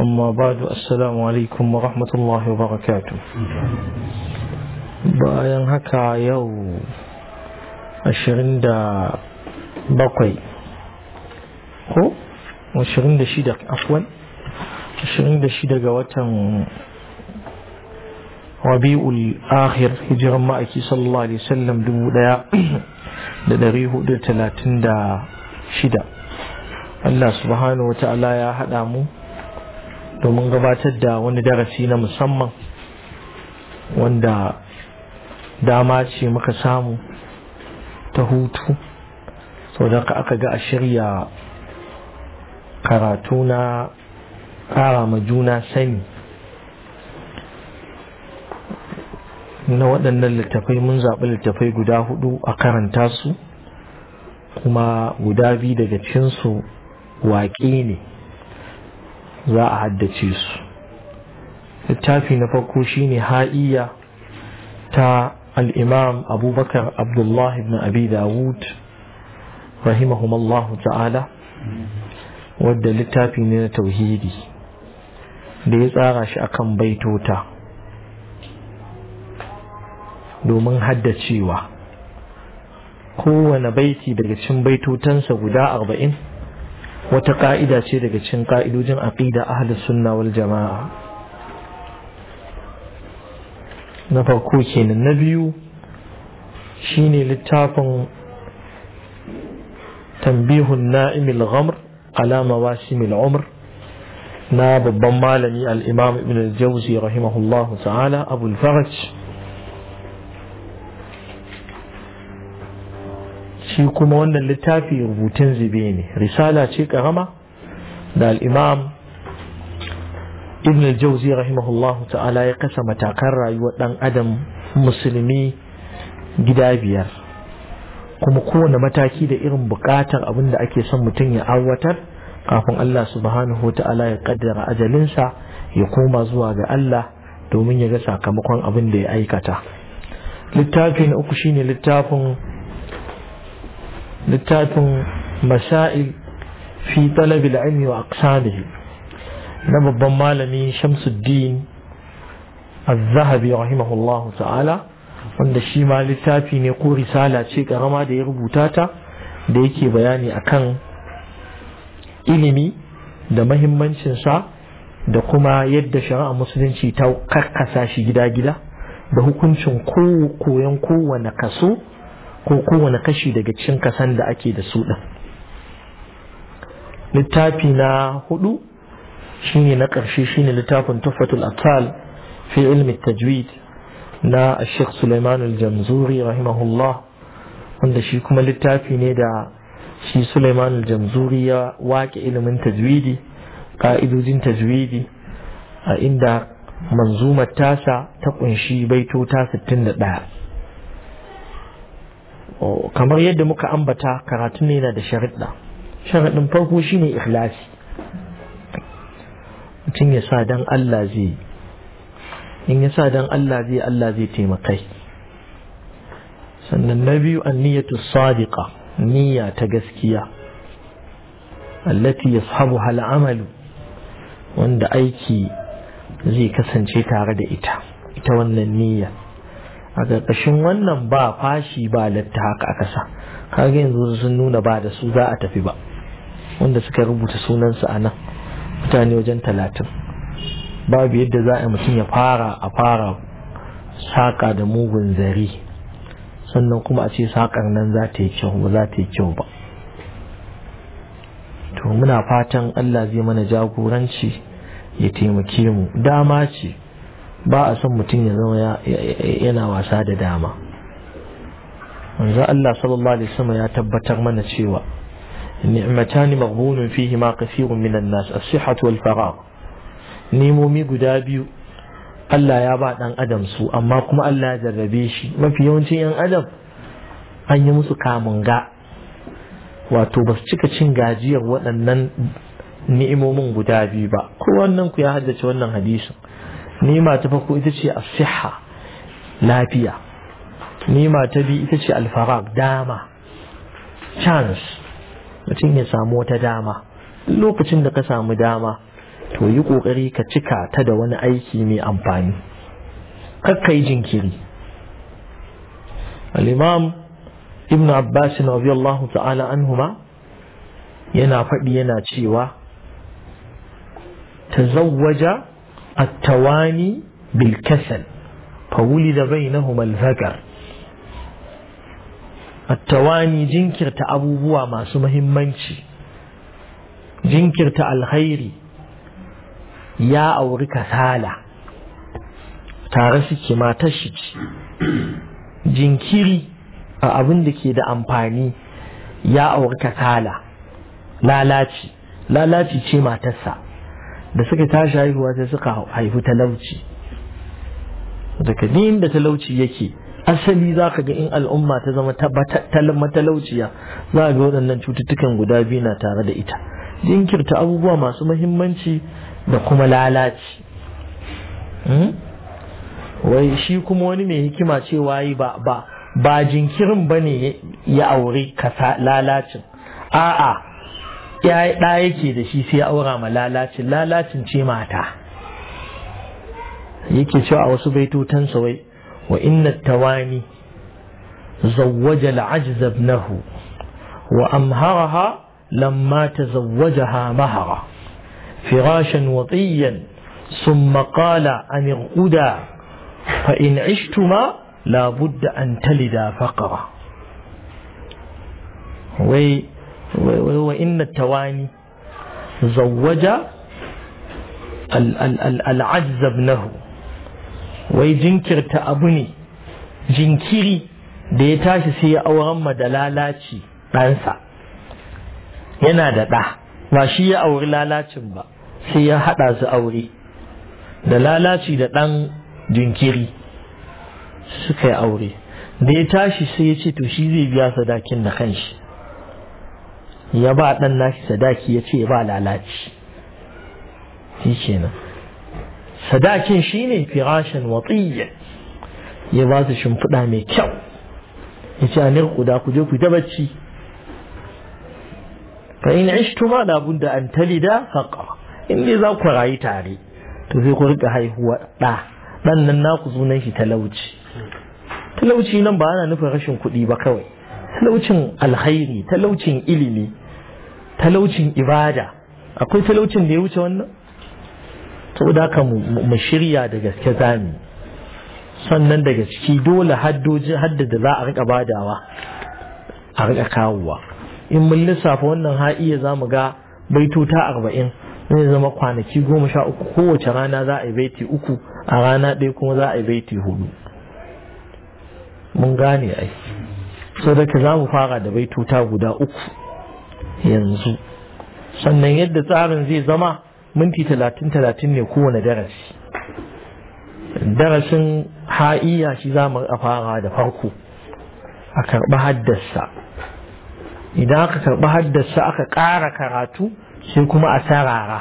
أما بعد السلام عليكم ورحمة الله وبركاته bayan haka yau 27 ko 26 afwan 26 ga watan rabi'ul akhir hijiran ma'aiki sallallahu alaihi wasallam shida, Allah subhanahu wa ta'ala ya hada mu domin gabatar da wani darasi na musamman wanda dama ce muka samu ta hutu sau da aka ga a shirya karatu na ƙara ma juna sani na waɗannan littafai mun zaɓi littafai guda hudu a karanta su kuma guda biyu daga cinsu waƙe ne za a haddace su littafi na farko shine ha'iya ta al'imam abubakar abdullahi ibn abi dawud rahimahumallahu ta'ala wadda littafi ne na tauhidi da ya tsara shi akan baitota domin haddacewa kowane baiti daga cikin baitotansa guda arba'in wata ka'ida ce daga cikin ka'idojin aqida ahlus sunna wal jama'a na farko kenan na biyu shine littafin tambihun na'imil ghamr ala mawasimil umr na babban malami al-imam ibn al-jawzi rahimahullahu ta'ala abul faraj shi kuma wannan littafi rubutun zube ne risala ce karama da al'imam ibn al-jauzi rahimahullahu ta'ala ya kasa matakan rayuwar dan adam musulmi gida biyar kuma kowane mataki da irin bukatar abin da ake son mutum ya aiwatar kafin Allah subhanahu wa ta'ala ya kaddara ajalinsa ya koma zuwa ga Allah domin ya ga sakamakon abin da ya aikata littafin uku shine littafin littafin Masha'il fi talab ilmi wa aqsamihi na babban malami Shamsuddin Az-Zahabi rahimahullahu ta'ala wanda shi ma littafi ne ko risala ce karama da ya rubuta ta da yake bayani akan ilimi da sa da kuma yadda shari'a musulunci ta karkasa shi gida-gida da hukuncin koyon kowane kaso ko kowane kashi daga cikin kasan da ake da su ɗin littafi na hudu shine na ƙarshe shine littafin tuffatul atal fi ilmi tajwid na ashek suleiman jamzuri rahimahullah wanda shi kuma littafi ne da shi suleiman jamzuri ya wake ilimin tajwidi ka'idojin tajwidi a inda manzumar tasa ta ƙunshi baito ta 61 kamar yadda muka ambata karatun ne yana da sharaɗa sharaɗin farko shine ikhlasi mutum ya sa Allah zai in ya sa dan Allah zai Allah zai taimakai sannan na biyu niyyatu sadiqa niyya ta gaskiya allati hal al'amalu wanda aiki zai kasance tare da ita ita wannan niyya a ƙarƙashin wannan ba fashi ba latta haka aka sa kaga yanzu sun nuna ba da su za a tafi ba wanda suka rubuta sunansu a nan mutane wajen talatin babu yadda za a mutum ya fara a fara saƙa da mugun zari sannan kuma a ce saƙar nan za ta yi kyau ba za ta yi kyau ba to muna fatan Allah zai mana jagoranci ya taimake mu dama ce ba a son mutum ya zama yana wasa da dama manzo Allah sallallahu alaihi wasallam ya tabbatar mana cewa ni'matani maghbunun fihi ma kathirun minan nas as-sihhat wal faragh nimomi guda biyu Allah ya ba dan adam su amma kuma Allah ya jarrabe shi mafi yawancin yan adam an yi musu kamun ga wato ba su cika cin gajiyar waɗannan ni'imomin guda biyu ba ko wannan ku ya haddace wannan hadisin nima ta farko ita ce asiha lafiya nima ta biyu ita ce alfarag dama chance mutum ya samu wata dama lokacin da ka samu dama to yi ƙoƙari ka cika ta da wani aiki mai amfani kakka yi jinkiri al'imam ibn abbas radiyallahu ta'ala anhuma yana faɗi yana cewa tazawwaja التواني بالكسل فولد بينهما الذكر التواني جنكرت أبو بوا ما سمهم منشي جنكرت الخير يا أورك سالة تارسك ما تشج jinkiri a abin da ke da amfani ya auri kasala lalaci ما ce da suka tashi haihuwa sai suka haifi talauci daga da talauci yake asali za ka ga in al'umma ta zama talauciya, za ga waɗannan cututtukan guda biyu na tare da ita jinkirta abubuwa masu mahimmanci da kuma lalaci hmm? wai shi kuma wani mai hikima cewa yi ba ba jinkirin ba ne ya aure kasa lalacin a'a ya da yake da shi sai aura ma lalacin lalacin ce mata yake cewa a wasu baitotan wai wa inna tawani zawwaja al'ajza ibnahu wa amharaha lamma tazawwajaha mahara firashan watiyan ثم قال عن الغدى فإن عشتما لابد أن تلدا فقرة wai wa inna tawani zawwaja al'ajza wai jinkirta abu ne jinkiri da ya tashi sai ya auren ma da lalaci ɗansa yana da ɗa ba shi ya auri lalacin ba sai ya haɗa su aure da lalaci da ɗan jinkiri suka yi aure da ya tashi sai ya ce to shi zai biya sadakin da kanshi ya ba ɗan nashi sadaki ya ce ba lalaci shi kenan sadakin shi ne firashin watsiyya ya ba su shimfiɗa mai kyau ya ce a nirƙuda ku je ku ta bacci fa in da la budda an talida faqra in dai za ku rayu tare to sai ku rika haihuwa ɗa ɗan nan naku sunan shi talauci talauci nan ba ana nufin rashin kuɗi ba kawai talaucin alkhairi talaucin ilimi talaucin ibada akwai talaucin da ya wuce wannan to da ka mu shirya da gaske zami sannan daga ciki dole haddoji haddada za a rika badawa a rika kawowa in mun lissafa wannan ha'iya za mu ga baitota arba'in zai zama kwanaki goma sha uku kowace rana za a yi baiti uku a rana ɗaya kuma za a yi baiti hudu mun gane ai so da ka za mu fara da ta guda uku yanzu sannan yadda tsarin zai zama minti talatin talatin ne kowane darasi darasin ha'iya shi za mu fara da farko a karɓi haddasa idan aka karɓi haddasa aka ƙara karatu sai kuma a sarara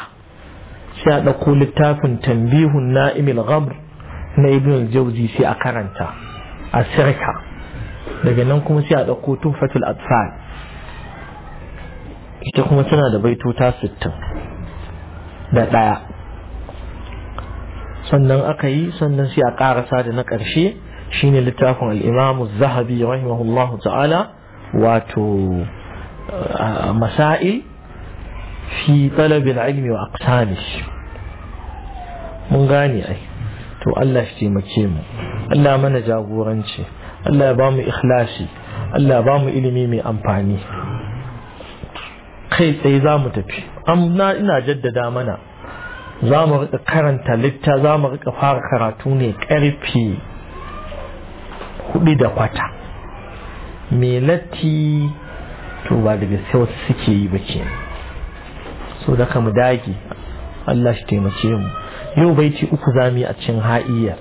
sai a ɗauko littafin tambihun na'imil ghamr na ibn jauzi sai a karanta a sirka daga nan kuma sai a ɗauko tuhfatul atfal ita kuma tana da ta sittin da ɗaya sannan aka yi sannan sai a ƙarasa da na ƙarshe shine littafin al'imamu zahabi rahimahullahu ta'ala wato Masa'i fi talabin ilmi wa aqsamish mun gane ai to Allah shi taimake mu Allah mana jagoranci Allah ya ba mu ikhlasi Allah ya ba mu ilimi mai amfani kai tsaye za mu tafi amma ina jaddada mana za mu rika karanta litta za mu rika fara karatu ne karfe hudu da kwata me latti to ba daga sai wasu suke yi ba ke so da mu dage Allah shi taimake mu yau baiti uku za mu yi a cikin ha'iyar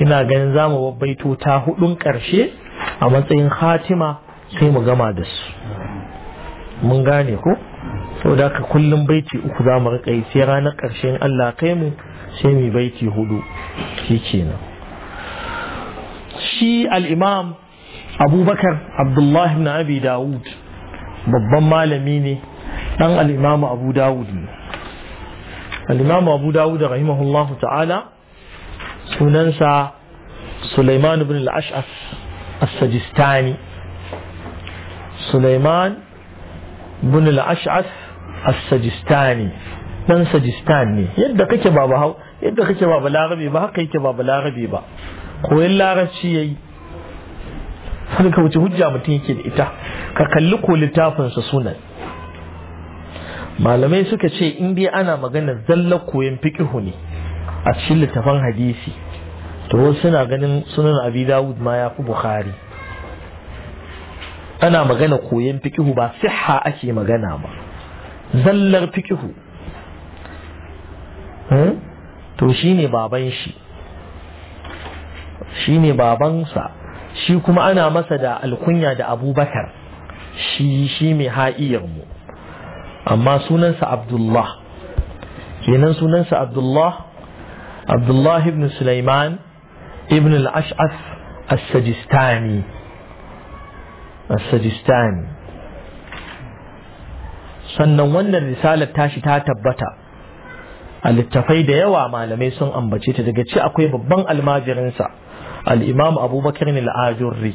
ina ganin za mu babbaito ta hudun karshe a matsayin hatima sai mu gama da su mun gane ko to da ka kullum baiti uku za mu riƙa yi sai ranar ƙarshen Allah kai mu sai mu baiti hudu shikenan shi al-imam abubakar abdullah ibn abi dawud babban malami ne dan al-imam abu dawud ne al-imam abu dawud rahimahullahu ta'ala sunansa Sulaiman ibn al-Ash'af as-Sajistani Sulaiman bin al-ash'as as-sajistani dan sajistan ne yadda kake ba ba yadda kake ba larabi ba haka yake ba larabi ba koyon larabci yayi sai ka wuce hujja mutum yake da ita ka kalli ko littafin sa sunan malamai suka ce in dai ana magana zallar koyon fiqhu ne a cikin littafin hadisi to wasu suna ganin sunan abi dawud ma ya fi bukhari ana magana koyon fikihu ba siha ake magana ba zallar fikihu hmm? to ne baban shi ne babansa shi kuma ana masa da alkunya da abubakar shi shi mai ha'iyar mu amma sunansa abdullah kenan sunansa abdullah abdullah ibn sulaiman ibn al-ash'af as-sajistani السجستاني sannan wannan risalar tashi ta tabbata a littafai da yawa malamai sun ambace ta daga ci akwai babban almajirinsa al'imam abubakar al'ajurri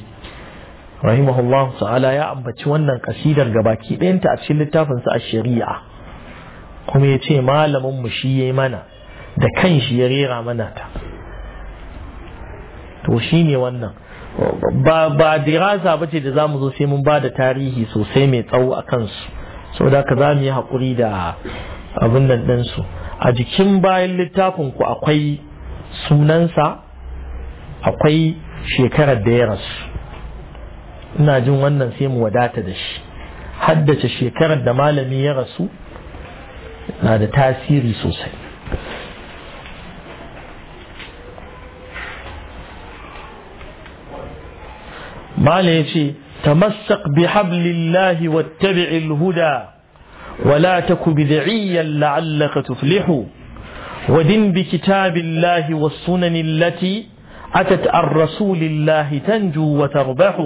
rahimahullah ta'ala ya ambaci wannan kasidar gabaki ɗayanta a cikin littafinsa a shari'a kuma ya ce malamin mu shi ya mana da kan shi ya rera mana ta to shine wannan ba ba dirasa bace da zamu zo sai mun ba da tarihi sosai mai tsawo a kansu saboda ka za mu yi haƙuri da abin nan ɗinsu a jikin bayan littafin ku akwai sunansa akwai shekarar da ya rasu ina jin wannan sai mu wadata da shi haddace shekarar da malami ya rasu na da tasiri sosai ما ليشي تمسك بحبل الله واتبع الهدى ولا تك بدعيا لعلك تفلح ودن بكتاب الله والسنن التي أتت عن رسول الله تنجو وتربح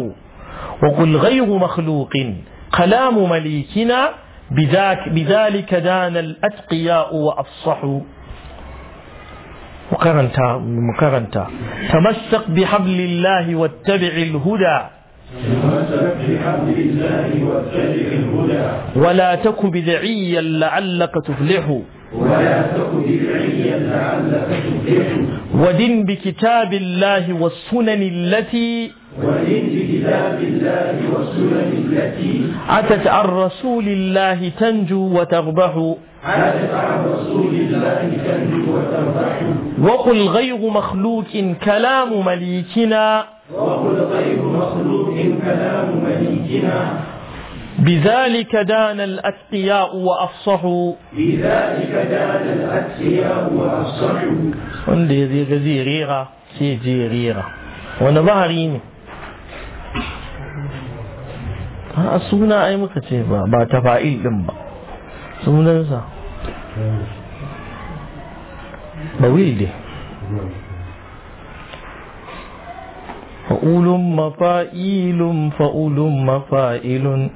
وقل غير مخلوق كلام مليكنا بذلك دان الأتقياء وأفصحوا مكرنتا مكرنتا تمسك بحبل الله واتبع الهدى ولا تك بدعيا لعلك تفلح ولا تقل لعلك تفلح ودن بكتاب الله والسنن التي ودن بكتاب الله والسنن التي أتت عن رسول الله تنجو وتربح أتت عن رسول الله تنجو وتربح وقل غير مخلوق كلام مليكنا وقل غير مخلوق كلام مليكنا بذلك دان الأتقياء وأفصحوا بذلك دان الأتقياء وأفصحوا عندي زي غزي ريغا سي جي وانا ظهري ها a اي ai muka ce ba ba ta fa'il din فأولم مفائل فأولم مفائل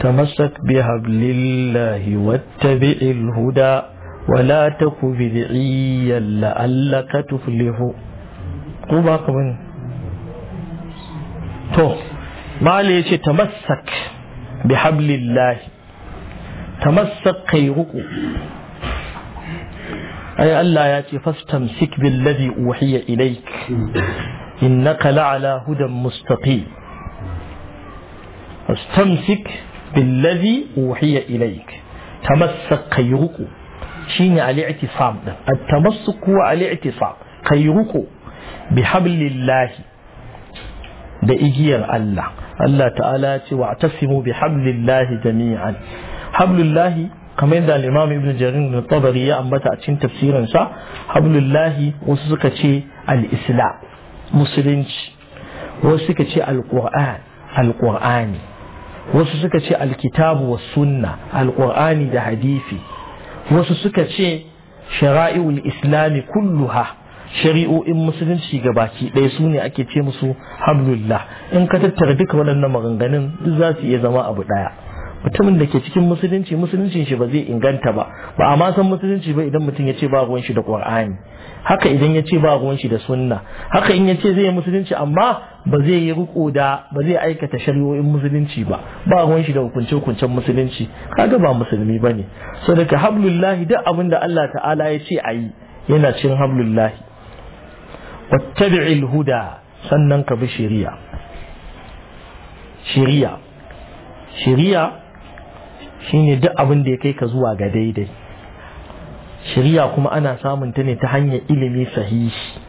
تمسك بحبل الله واتبع الهدى ولا تك بدعيا لعلك تفلح قوبا كمان تو ما ليش تمسك بحبل الله تمسك خيرك أي الله ياتي فاستمسك بالذي أوحي إليك إنك لعلى هدى مستقيم استمسك بالذي أوحي إليك تمسك خيرك شيني على اعتصام التمسك هو على اعتصام خيرك بحبل الله بإجير الله الله تعالى واعتصموا بحبل الله جميعا حبل الله كما عند الإمام ابن جرير بن الطبري أنبت تفسيرا حبل الله وسكتي الإسلام musulunci wasu suka ce alƙur'ani wasu suka ce alkitabu wa sunna alƙur'ani da hadisi wasu suka ce shara'i'ul islami kulluha shari'o'in musulunci ga baki ɗaya su ne ake ce musu hablullah in ka tattara duka waɗannan maganganun duk za su iya zama abu ɗaya mutumin da ke cikin musulunci musuluncin shi ba zai inganta ba ba a ma san musulunci ba idan mutum ya ce ba ruwan shi da ƙur'ani haka idan ya ce ba ruwan shi da sunna haka in ya ce zai yi musulunci amma ba zai yi riko da ba zai aikata shari'o'in musulunci ba ba ruwan shi da hukunce hukuncen musulunci kaga ba musulmi bane so daga hablullahi duk abin da Allah ta'ala ya ce a yi yana cin hablullahi wattabi'il huda sannan ka bi shari'a shari'a shari'a shine duk abin da ya kai ka zuwa ga daidai shari'a kuma ana samun ta ne ta hanyar ilimi sahihi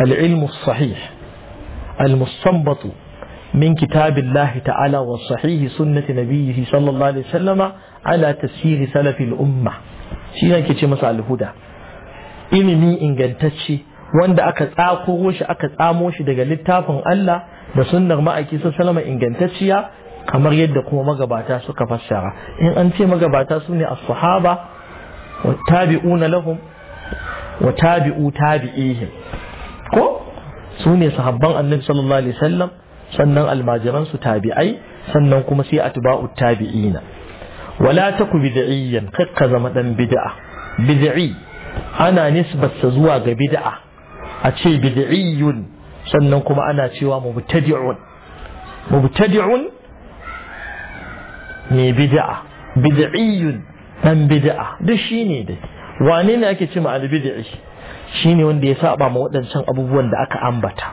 العلم الصحيح المستنبط من كتاب الله تعالى وصحيح سنة Sallallahu alaihi الله عليه وسلم على تسيير سلف الأمة شيئا ce masa الهدى ilimi ingantacce wanda aka tsako shi aka tsamo shi daga littafin Allah da sunnar ma'aiki salama ingantacciya kamar yadda kuma magabata suka fassara in an ce magabata su ne as-sahaba wattabi'una lahum wa tabi'u tabi'ihim ko su ne sahabban annabi sallallahu alaihi sannan almajiran su tabi'ai sannan kuma sai atba'u tabi'ina wala taku bid'iyyan kakka zama dan bid'a bid'i ana nisbarsa zuwa ga bid'a a ce bid'iyyun sannan kuma ana cewa mubtadi'un mubtadi'un ne bid'a bid'iyyun ɗan bid'a duk shi ne dai wane ne ake ce albid'i shi ne wanda ya saba ma waɗancan abubuwan da aka ambata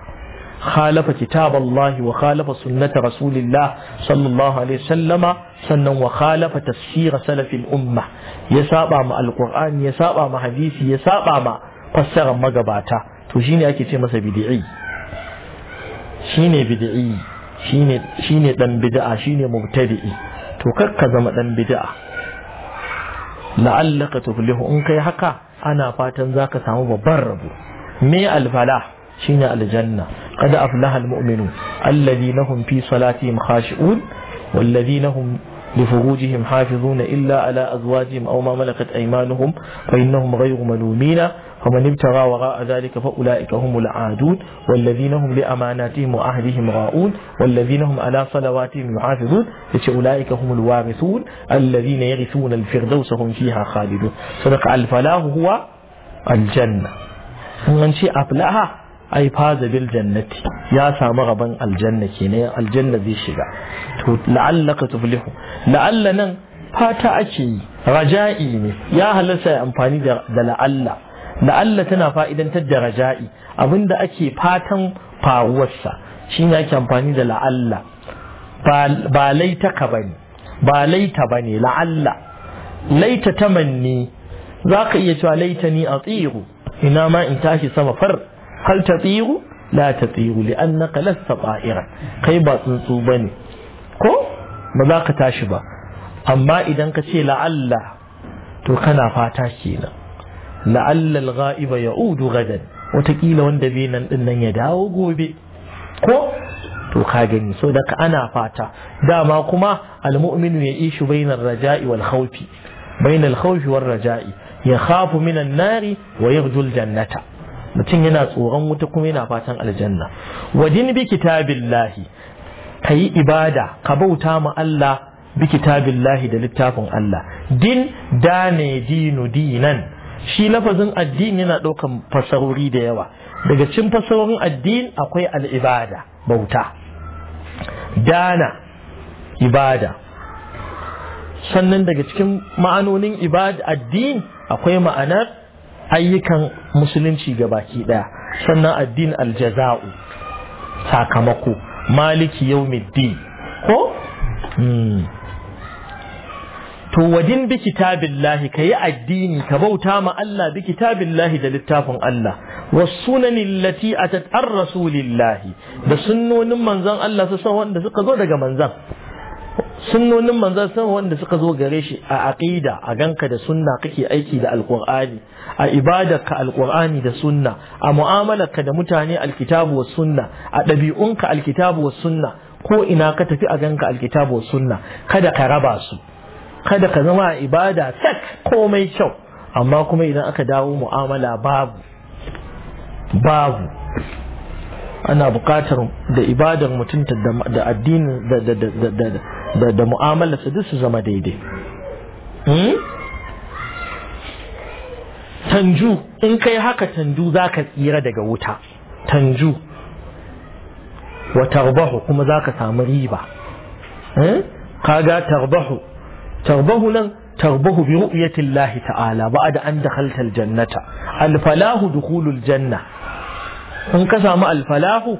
khalafa kitaballahi wa khalafa sunnata rasulillah sallallahu alaihi sallama sannan wa khalafa tafsira salafin umma ya saba ma alqur'ani ya saba ma hadisi ya saba ma fassarar magabata to shine ake ce masa bid'i shine bid'i shine shine dan bid'a shine mubtadi'i to kakka zama dan bid'a la'allaka tuflihu in kai haka ana fatan zaka samu babban rabo me alfalah shine aljanna qad aflaha almu'minun alladhina hum fi salatihim khashi'un والذين هم لفروجهم حافظون إلا على أزواجهم أو ما ملكت أيمانهم فإنهم غير ملومين فمن ابتغى وراء ذلك فأولئك هم العادون والذين هم لأماناتهم وأهلهم راؤون والذين هم على صلواتهم يحافظون أولئك هم الوارثون الذين يرثون الفردوس هم فيها خالدون صدق الفلاح هو الجنة من شيء أفلاها ai faza bil jannati ya samu rabon aljanna kenan aljanna zai shiga to la'allaka tuflihu la'alla nan fata ake yi raja'i ne ya halarta ya amfani da la'alla la'alla tana fa'idantar da raja'i abinda ake fatan faruwarsa shine ake amfani da la'alla ba laita ka bane ba laita bane la'alla laita tamanni zaka iya cewa laita ni a tsiru ina ma in tashi sama far هل تطيق لا تطيق لأنك لست طائرا قيبا تنصوبني كو مذاق تاشبا أما إذا كتي لعل تركنا فاتاشينا لعل الغائب يعود غدا وتكيل واندبينا إن يداو قوبي كو وكاجن سودك انا فاتا دام كما المؤمن يعيش بين الرجاء والخوف بين الخوف والرجاء يخاف من النار ويرجو الجنه mutum yana tsoron wuta kuma yana fatan aljanna wajen bi kitabillahi kayi ibada ka bauta ma Allah bi kitabillahi da littafin Allah din da ne dinu dinan shi lafazin addini yana ɗaukan fasarori da yawa daga cikin fasarorin addini akwai al'ibada bauta dana ibada sannan daga cikin ma'anonin ibada addini akwai ma'anar ayyukan musulunci gabaki daya sannan addin aljaza'u sakamako maliki yawmiddin ko hmm. to wadin bi ka kayi addini ka bauta ma Allah bi Lahi da littafin Allah والسنن التي أتت الرسول الله da sunnonin manzon Allah su san wanda suka zo daga manzan. sunnonin manzon san wanda suka zo gare shi a aqida a ganka da sunna kake aiki da alqur'ani a ibadarka alqur'ani da sunna a mu'amalarka da mutane alkitabu was sunna a ɗabi'unka alkitabu was sunna ko ina ka tafi a ganka alkitabu was sunna kada ka raba su kada ka zama a ibada tak komai kyau amma kuma idan aka dawo mu'amala babu babu ana bukatar da ibadar mutunta da addinin da da mu'amalarsa duk su zama daidai tanju in kai haka tanju zaka tsira daga wuta tanju wa tarbahu kuma zaka samu riba kaga tarbahu tarbahu nan tarbahu bi ru'yatin lahi ta'ala ba'da an dakhalta aljannata alfalahu dukhulul janna in ka samu alfalahu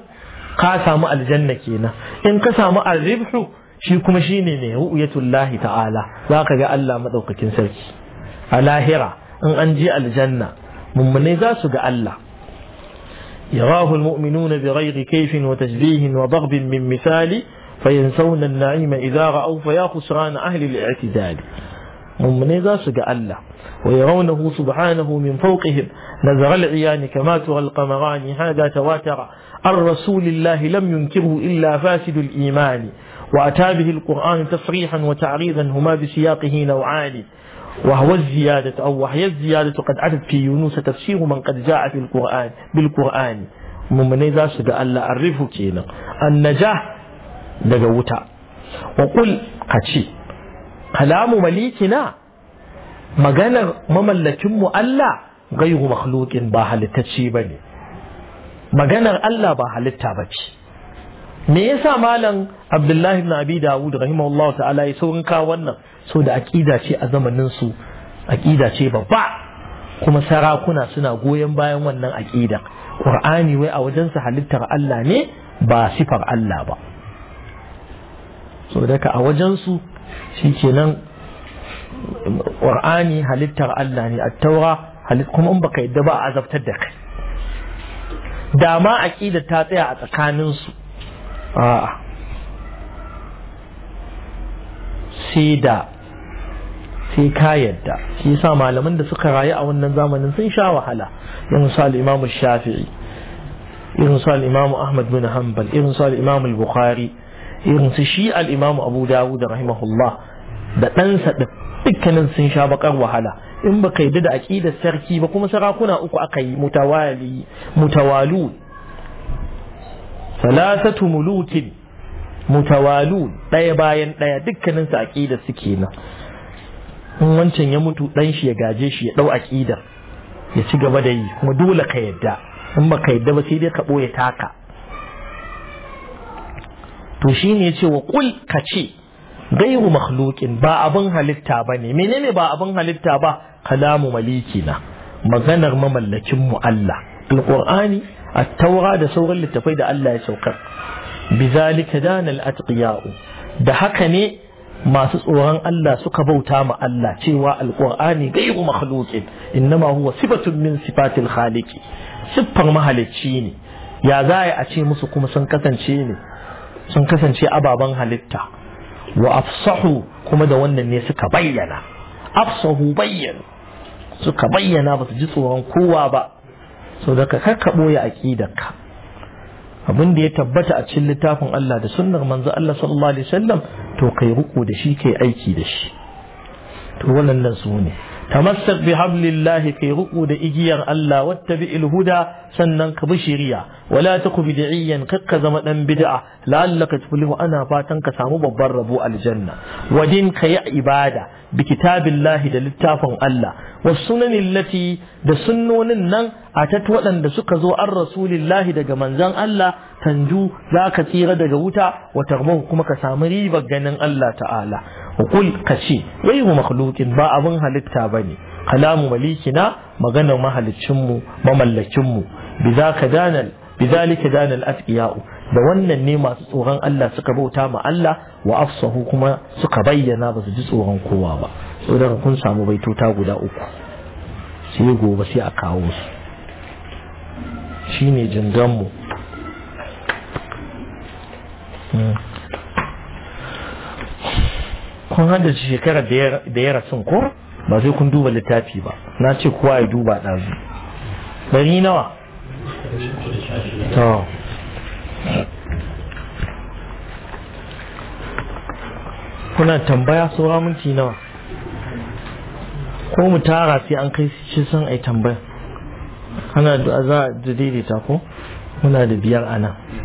ka samu aljanna kenan in ka samu arribhu shi kuma shi ne mai ru'yatullahi ta'ala za ka ga Allah maɗaukakin sarki a lahira in an je aljanna mummunai za su ga Allah يراه المؤمنون بغير كيف وتشبيه وضرب من مثال فينسون النعيم إذا رأوا فيا خسران أهل الاعتدال ممن ذا سجى الله ويرونه سبحانه من فوقهم نزر العيان كما ترى القمران هذا تواتر عن رسول الله لم ينكره إلا فاسد الإيمان وأتى به القرآن تصريحا وتعريضا هما بسياقه نوعان وهو الزيادة أو وهي الزيادة قد أتت في يونس تفسير من قد جاء في القرآن بالقرآن ممن إذا سجى ألا أعرفه كينا النجاة دقوتا وقل أتي كلام مليكنا مجانا مملكم مؤلا غير مخلوق باها halittacce مجانا ألا باها Allah me yasa malam abdullahi ibn abi dawud rahimahullahu ta'ala ya saurin kawo wannan so da aqida ce a zamanin su aqida ce babba kuma sarakuna suna goyon bayan wannan aqida qur'ani wai a wajen sa halittar Allah ne ba sifar Allah ba so daga a wajen su shikenan qur'ani halittar Allah ne at-taura halit kuma in baka yadda ba a azabtar da kai dama aqida ta tsaya a tsakanin su رائع آه. سيدا سيكا يدا سيسا ما لمن دا سقى رايا أو النظام ننسي شاء وحلا ينصال الإمام الشافعي ينصال الإمام أحمد بن حنبل ينصال الإمام البخاري ينصي الإمام أبو داود رحمه الله دا تنسى دا تكنن سن شاء بقر وحلا إن بقيد دا أكيد السركي بقوم سراكونا أكو أقي متوالي متوالون salasatu mulukin mutawalu ɗaya bayan ɗaya dukkanin su aqida suke na. in wancan ya mutu dan shi ya gaje shi ya dau aqidar ya ci gaba da yi kuma dole ka yadda in ka yadda ba sai dai ka boye taka to shine yace wa qul ka ce gairu makhluqin ba abin halitta bane menene ba abin halitta ba kalamu malikina maganar mamallakin mu Allah Alƙur'ani? التوراة da sauran littafai da Allah ya saukar bizalika dana al-atqiya'u da haka ne masu tsoron Allah suka bauta ma Allah cewa alqur'ani gairu makhluqin innama huwa sifatun min sifatil khaliqi siffar mahalicci ne ya za a ce musu kuma sun kasance ababen halitta wa afsahu kuma da wannan ne suka bayyana afsahu bayyana suka bayyana ba su ji tsoron kowa ba so ka kakka ya aƙidarka abin da ya tabbata a cikin littafin Allah da sunnar manzo Allah sallallahu alaihi wasallam to kai ruku da shi kai aiki da shi to wannan su ne tamassak bi hablillahi kai ruku da igiyar Allah wattabi'il ilhuda sannan ka bi shari'a wala taku bid'iyan kakka zama dan bid'a la'allaka tuflihu ana fatan ka samu babban rabo aljanna wadin ka ibada bi kitabillahi da littafin Allah والسنن التي da sunnonin nan a tat waɗanda suka zo an rasulillahi daga manzon Allah tanju za ka tsira daga wuta wa kuma ka samu ribar ganin Allah ta'ala hukul ka ce wai mu makhluqin ba abin halitta ba ne. kalamu malikina maganar mahalicinmu mamallakinmu bi za ka danal bi danal da wannan ne masu tsoron Allah suka bauta ma Allah wa afsahu kuma suka bayyana ba su ji tsoron kowa ba saboda kun samu baitota guda uku sai gobe sai a kawo su shine jindan mu hmm. kun hada shekara da ya rasu ko ba sai kun duba littafi ba na ce kowa ya duba ɗazu ɗari nawa kuna tambaya saura minti nawa ko mu tara sai an kai shi san ai tambaya ana za a daidaita ko muna da biyar a nan